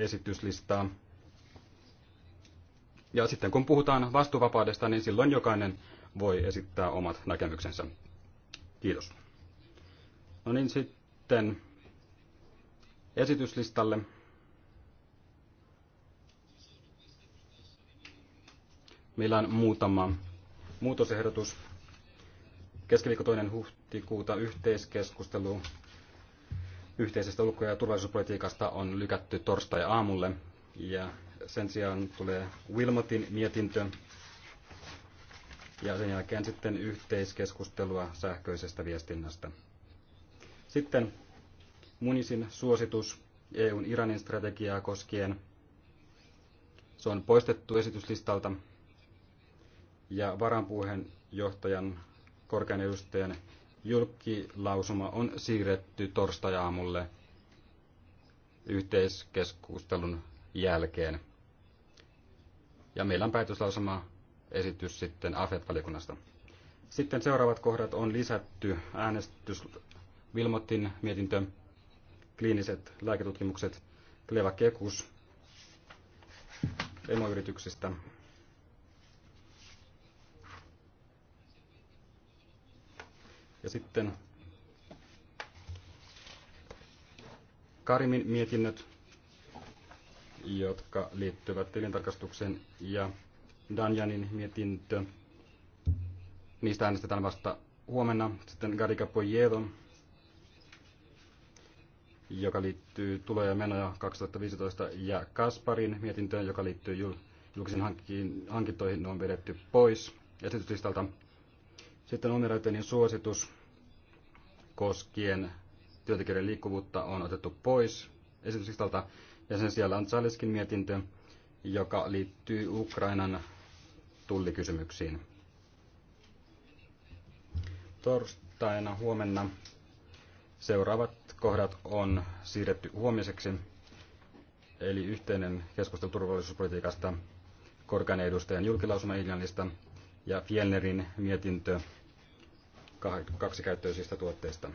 esityslistaa. Ja sitten kun puhutaan vastuuvapaudesta, niin silloin jokainen voi esittää omat näkemyksensä. Kiitos. No niin, sitten esityslistalle. Meillä on muutama muutosehdotus. Keskiviikko 2. huhtikuuta yhteiskeskustelu yhteisestä ulko- ja turvallisuuspolitiikasta on lykätty torstai-aamulle. Ja sen sijaan tulee Wilmotin mietintö ja sen jälkeen sitten yhteiskeskustelua sähköisestä viestinnästä. Sitten Munisin suositus EUn Iranin strategiaa koskien. Se on poistettu esityslistalta ja varanpuheenjohtajan korkean edustajan julkilausuma on siirretty torstajaamulle yhteiskeskustelun jälkeen. Ja meillä on päätöslausuma esitys sitten AFET-valiokunnasta. Sitten seuraavat kohdat on lisätty äänestys Vilmotin mietintö, kliiniset lääketutkimukset, Kleva Kekus, emoyrityksistä Ja sitten Karimin mietinnöt, jotka liittyvät tilintarkastukseen ja Danjanin mietintö. Niistä äänestetään vasta huomenna. Sitten Garika Poyedo, joka liittyy tuloja ja menoja 2015, ja Kasparin mietintöön, joka liittyy julkisiin hankintoihin, on vedetty pois esityslistalta. Sitten Uneratelin suositus koskien työntekijöiden liikkuvuutta on otettu pois esityslistalta, ja sen siellä on Tsaliskin mietintö, joka liittyy Ukrainan tullikysymyksiin. Torstaina huomenna seuraavat kohdat on siirretty huomiseksi, eli yhteinen keskustelu turvallisuuspolitiikasta, korkean edustajan julkilausuma ja Fjellnerin mietintö kaksikäyttöisistä tuotteista.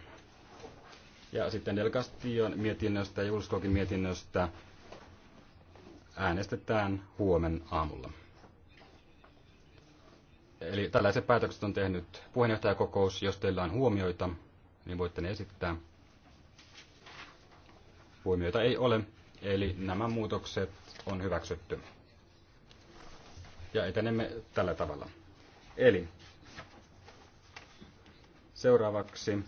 Ja sitten Del Castillon mietinnöstä ja Ulskokin mietinnöstä äänestetään huomen aamulla. Eli tällaiset päätökset on tehnyt puheenjohtajakokous. Jos teillä on huomioita, niin voitte ne esittää. Huomioita ei ole, eli nämä muutokset on hyväksytty. Ja etenemme tällä tavalla. Eli Seuraavaksi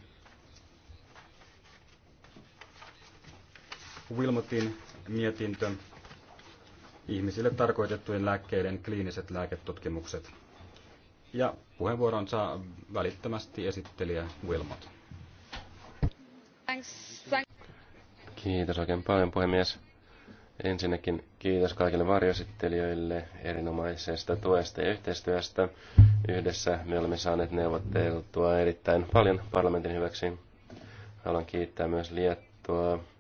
Wilmotin mietintö ihmisille tarkoitettujen lääkkeiden kliiniset lääketutkimukset. Ja puheenvuoron saa välittömästi esittelijä Wilmot. Kiitos oikein paljon puhemies. Ensinnäkin kiitos kaikille varjosittelijöille erinomaisesta tuesta ja yhteistyöstä. Yhdessä me olemme saaneet neuvotteltua erittäin paljon parlamentin hyväksi. Haluan kiittää myös Liettua